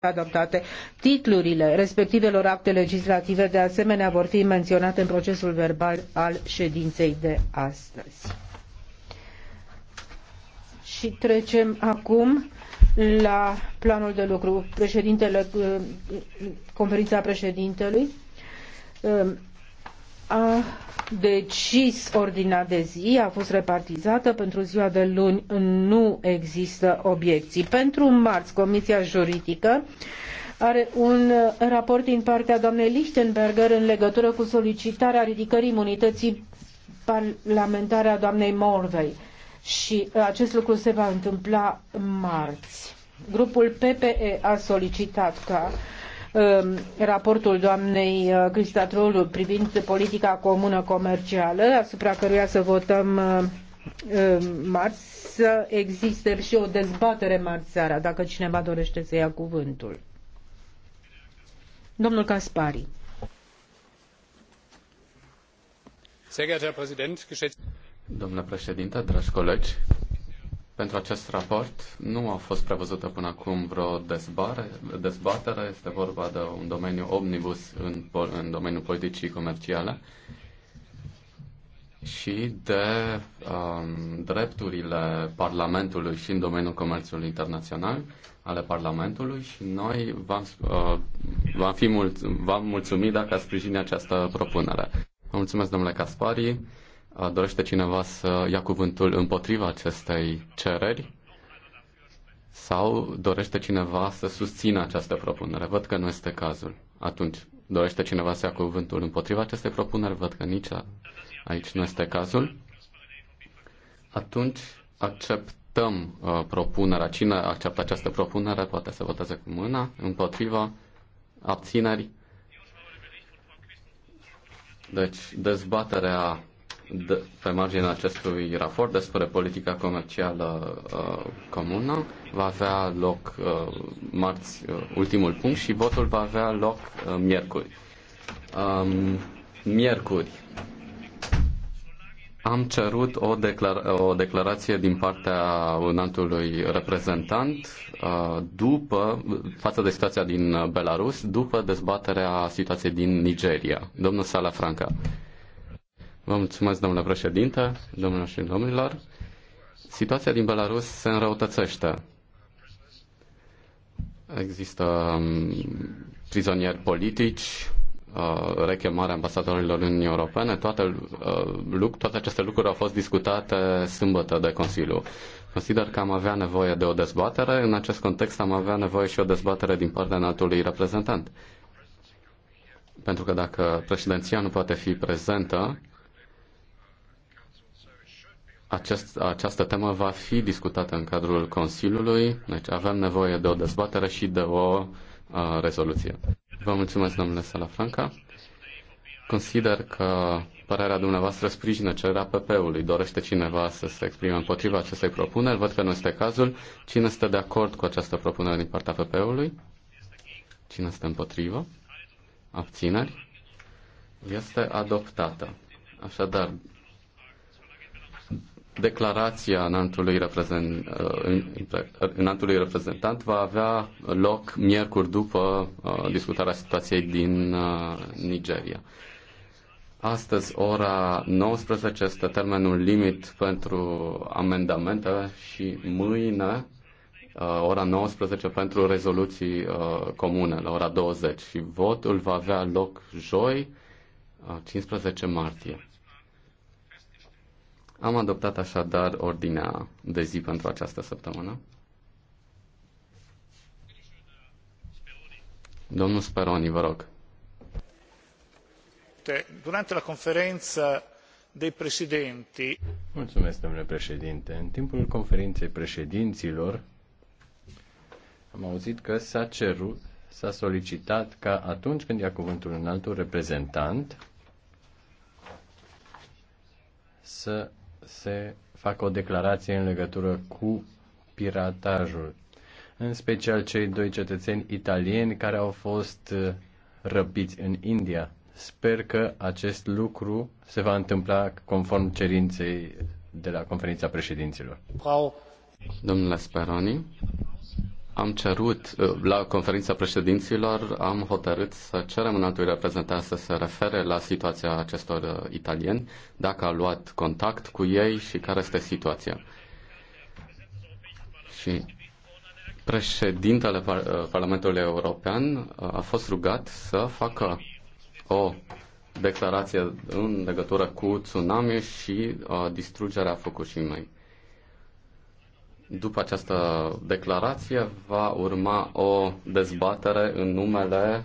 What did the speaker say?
adoptate. Titlurile respectivelor acte legislative de asemenea vor fi menționate în procesul verbal al ședinței de astăzi. Și trecem acum la planul de lucru. Președintele, uh, conferința președintelui uh, a decis ordinea de zi, a fost repartizată pentru ziua de luni, nu există obiecții. Pentru marți, Comisia Juridică are un uh, raport din partea doamnei Lichtenberger în legătură cu solicitarea ridicării imunității parlamentare a doamnei Morvei. Și uh, acest lucru se va întâmpla marți. Grupul PPE a solicitat ca Um, raportul doamnei uh, Cristatrolu privind politica comună comercială, asupra căruia să votăm uh, um, marți, să existe și o dezbatere marți seara, dacă cineva dorește să ia cuvântul. Domnul Caspari. Domnule președinte, dragi colegi, pentru acest raport nu a fost prevăzută până acum vreo dezbare, dezbatere. Este vorba de un domeniu omnibus în, în domeniul politicii comerciale și de um, drepturile Parlamentului și în domeniul comerțului internațional ale Parlamentului și noi v-am, uh, v-am, fi mulț- v-am mulțumit dacă ați sprijinit această propunere. Vă mulțumesc, domnule Caspari. Dorește cineva să ia cuvântul împotriva acestei cereri? Sau dorește cineva să susțină această propunere? Văd că nu este cazul. Atunci, dorește cineva să ia cuvântul împotriva acestei propuneri? Văd că nici aici nu este cazul. Atunci, acceptăm uh, propunerea. Cine acceptă această propunere poate să voteze cu mâna. Împotriva, abținerii. Deci, dezbaterea de, pe marginea acestui raport despre politica comercială uh, comună. Va avea loc uh, marți uh, ultimul punct și votul va avea loc uh, miercuri. Um, miercuri am cerut o, declara- o declarație din partea înaltului reprezentant uh, după, față de situația din uh, Belarus după dezbaterea situației din Nigeria. Domnul Sala Franca. Vă mulțumesc, domnule președinte, domnilor și domnilor. Situația din Belarus se înrăutățește. Există um, prizonieri politici, uh, rechemarea ambasadorilor Uniunii Europene, toate, uh, toate aceste lucruri au fost discutate sâmbătă de Consiliu. Consider că am avea nevoie de o dezbatere. În acest context am avea nevoie și o dezbatere din partea înaltului reprezentant. Pentru că dacă președinția nu poate fi prezentă, acest, această temă va fi discutată în cadrul Consiliului, deci avem nevoie de o dezbatere și de o uh, rezoluție. Vă mulțumesc, domnule Salafranca. Consider că părerea dumneavoastră sprijină cererea PP-ului. Dorește cineva să se exprime împotriva acestei propuneri? Văd că nu este cazul. Cine este de acord cu această propunere din partea PP-ului? Cine este împotrivă? Abțineri? Este adoptată. Așadar, declarația înaltului, reprezent, uh, uh, înaltului reprezentant va avea loc miercuri după uh, discutarea situației din Nigeria. Astăzi, ora 19, este termenul limit pentru amendamente și mâine, ora 19, pentru rezoluții comune, la ora 20. Și votul va avea loc joi, 15 martie. Am adoptat așadar ordinea de zi pentru această săptămână. Domnul Speroni, vă rog. Durante la conferință dei președinti. Mulțumesc, domnule președinte. În timpul conferinței președinților am auzit că s-a cerut, s-a solicitat ca atunci când ia cuvântul un altul reprezentant să se facă o declarație în legătură cu piratajul, în special cei doi cetățeni italieni care au fost uh, răpiți în India. Sper că acest lucru se va întâmpla conform cerinței de la conferința președinților. Domnule Speroni am cerut, uh, la conferința președinților, am hotărât să cerem în altul reprezentant să se refere la situația acestor uh, italieni, dacă a luat contact cu ei și care este situația. Și președintele uh, Parlamentului European a fost rugat să facă o declarație în legătură cu tsunami și distrugerea Fukushimei. După această declarație va urma o dezbatere în numele